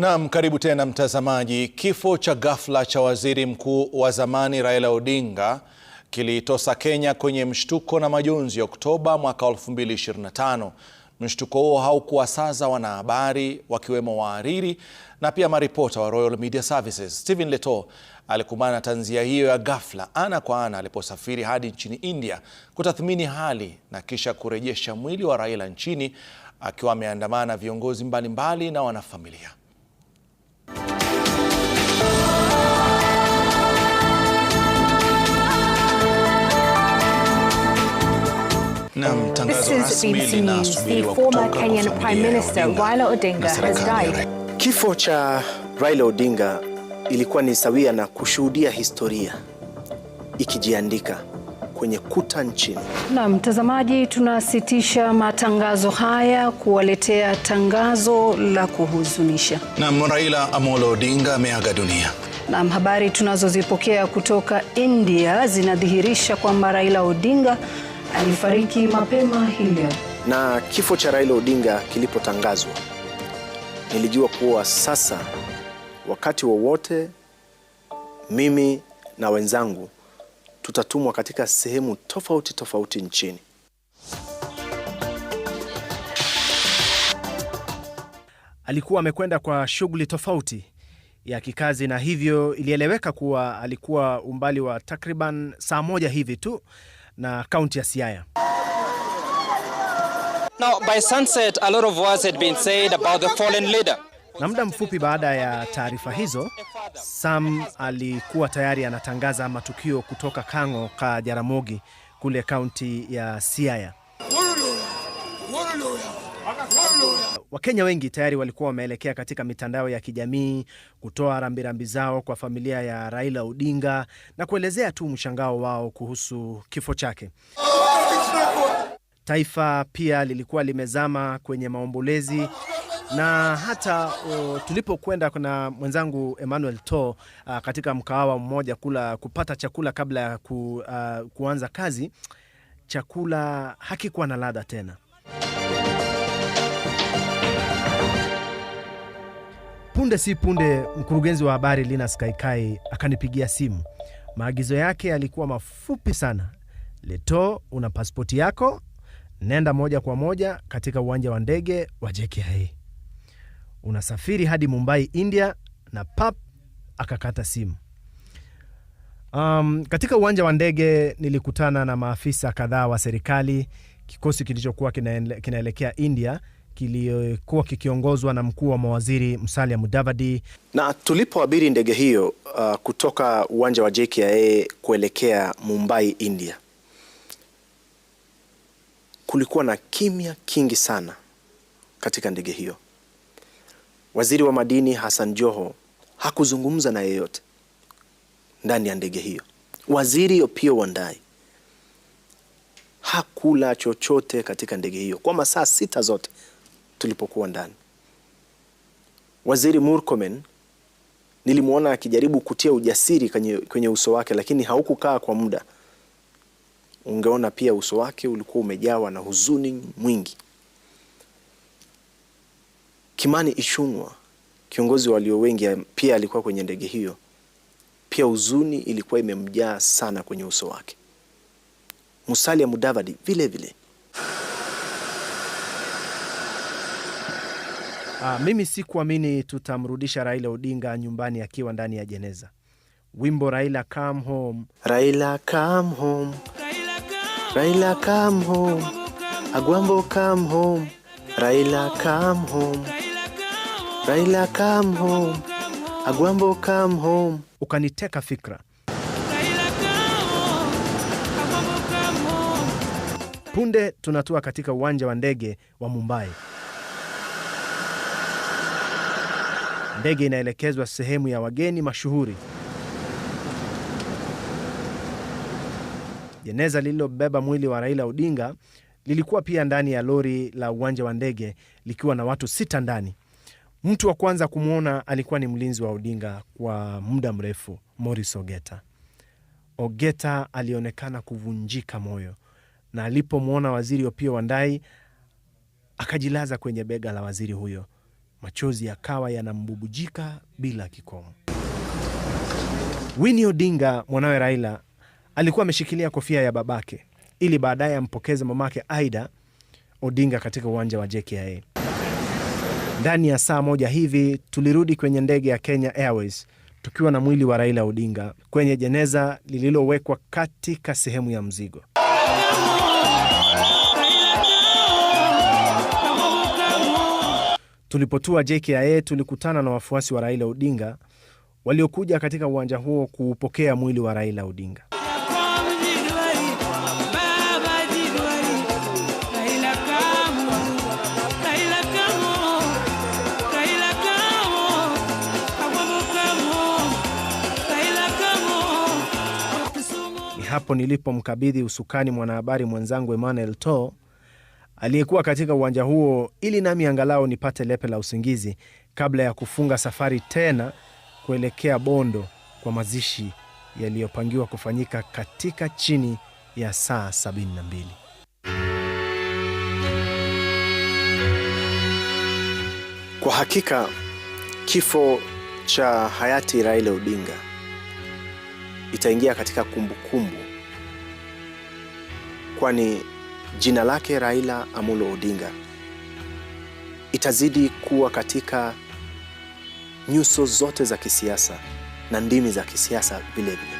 Naam, karibu tena mtazamaji. Kifo cha ghafla cha waziri mkuu wa zamani Raila Odinga kilitosa Kenya kwenye mshtuko na majonzi Oktoba mwaka 2025. Mshtuko huo haukuwasaza wanahabari wakiwemo wahariri na pia maripota wa Royal Media Services. Stephen Leto alikumbana na tanzia hiyo ya ghafla ana kwa ana aliposafiri hadi nchini India kutathmini hali na kisha kurejesha mwili wa Raila nchini akiwa ameandamana na viongozi mbalimbali na wanafamilia. The former Kenyan Prime Minister Raila Odinga has died. Kifo cha Raila Odinga ilikuwa ni sawia na kushuhudia historia ikijiandika kwenye kuta nchini. Na mtazamaji, tunasitisha matangazo haya kuwaletea tangazo la kuhuzunisha. Na Raila Amolo Odinga ameaga dunia. Na habari tunazozipokea kutoka India zinadhihirisha kwamba Raila Odinga alifariki mapema hii Na kifo cha Raila Odinga kilipotangazwa, nilijua kuwa sasa wakati wowote wa mimi na wenzangu tutatumwa katika sehemu tofauti tofauti nchini. Alikuwa amekwenda kwa shughuli tofauti ya kikazi na hivyo ilieleweka kuwa alikuwa umbali wa takriban saa moja hivi tu na kaunti ya Siaya. Now, by sunset, a lot of words had been said about the fallen leader. Na muda mfupi baada ya taarifa hizo, Sam alikuwa tayari anatangaza matukio kutoka Kang'o ka Jaramogi kule kaunti ya Siaya. Wakenya wengi tayari walikuwa wameelekea katika mitandao ya kijamii kutoa rambirambi zao kwa familia ya Raila Odinga na kuelezea tu mshangao wao kuhusu kifo chake. Taifa pia lilikuwa limezama kwenye maombolezi na hata uh, tulipokwenda na mwenzangu Emmanuel To uh, katika mkahawa mmoja kula kupata chakula kabla ya ku, uh, kuanza kazi, chakula hakikuwa na ladha tena. Punde si punde, mkurugenzi wa habari Linus Kaikai akanipigia simu. Maagizo yake yalikuwa mafupi sana: Leto, una pasipoti yako, nenda moja kwa moja katika uwanja wa ndege wa JKIA, unasafiri hadi Mumbai, India. Na pap akakata simu. Um, katika uwanja wa ndege nilikutana na maafisa kadhaa wa serikali, kikosi kilichokuwa kinaelekea India kilikuwa kikiongozwa na mkuu wa mawaziri Musalia Mudavadi. Na tulipoabiri ndege hiyo uh, kutoka uwanja wa JKIA kuelekea Mumbai, India, kulikuwa na kimya kingi sana katika ndege hiyo. Waziri wa madini Hassan Joho hakuzungumza na yeyote ndani ya ndege hiyo. Waziri Opiyo Wandayi hakula chochote katika ndege hiyo kwa masaa sita zote tulipokuwa ndani. Waziri Murkomen nilimwona akijaribu kutia ujasiri kwenye, kwenye uso wake, lakini haukukaa kwa muda. Ungeona pia uso wake ulikuwa umejawa na huzuni mwingi. Kimani Ichung'wa, kiongozi walio wengi, pia alikuwa kwenye ndege hiyo. Pia huzuni ilikuwa imemjaa sana kwenye uso wake. Musalia Mudavadi vile vile. Aa, ah, mimi sikuamini tutamrudisha Raila Odinga nyumbani akiwa ndani ya jeneza. Wimbo Raila come home, Raila come home, Raila come home, Agwambo come home, Raila come home, Raila come home, Agwambo come home, ukaniteka fikra. Punde tunatua katika uwanja wa ndege wa Mumbai. Ndege inaelekezwa sehemu ya wageni mashuhuri. Jeneza lililobeba mwili wa Raila Odinga lilikuwa pia ndani ya lori la uwanja wa ndege likiwa na watu sita ndani. Mtu wa kwanza kumwona alikuwa ni mlinzi wa Odinga kwa muda mrefu, Morris Ogeta. Ogeta alionekana kuvunjika moyo, na alipomwona Waziri Opiyo Wandayi akajilaza kwenye bega la waziri huyo machozi yakawa yanambubujika bila kikomo. Winnie Odinga, mwanawe Raila, alikuwa ameshikilia kofia ya babake ili baadaye ampokeze mamake Aida Odinga katika uwanja wa JKIA. Ndani ya saa moja hivi tulirudi kwenye ndege ya Kenya Airways tukiwa na mwili wa Raila Odinga kwenye jeneza lililowekwa katika sehemu ya mzigo. Tulipotua JKIA tulikutana na wafuasi wa Raila Odinga waliokuja katika uwanja huo kuupokea mwili wa Raila Odinga. Hapo nilipomkabidhi usukani mwanahabari mwenzangu Emmanuel To aliyekuwa katika uwanja huo, ili nami angalau nipate lepe la usingizi kabla ya kufunga safari tena kuelekea Bondo kwa mazishi yaliyopangiwa kufanyika katika chini ya saa 72. Kwa hakika kifo cha hayati Raila Odinga itaingia katika kumbukumbu kwani jina lake Raila Amolo Odinga itazidi kuwa katika nyuso zote za kisiasa na ndimi za kisiasa vilevile.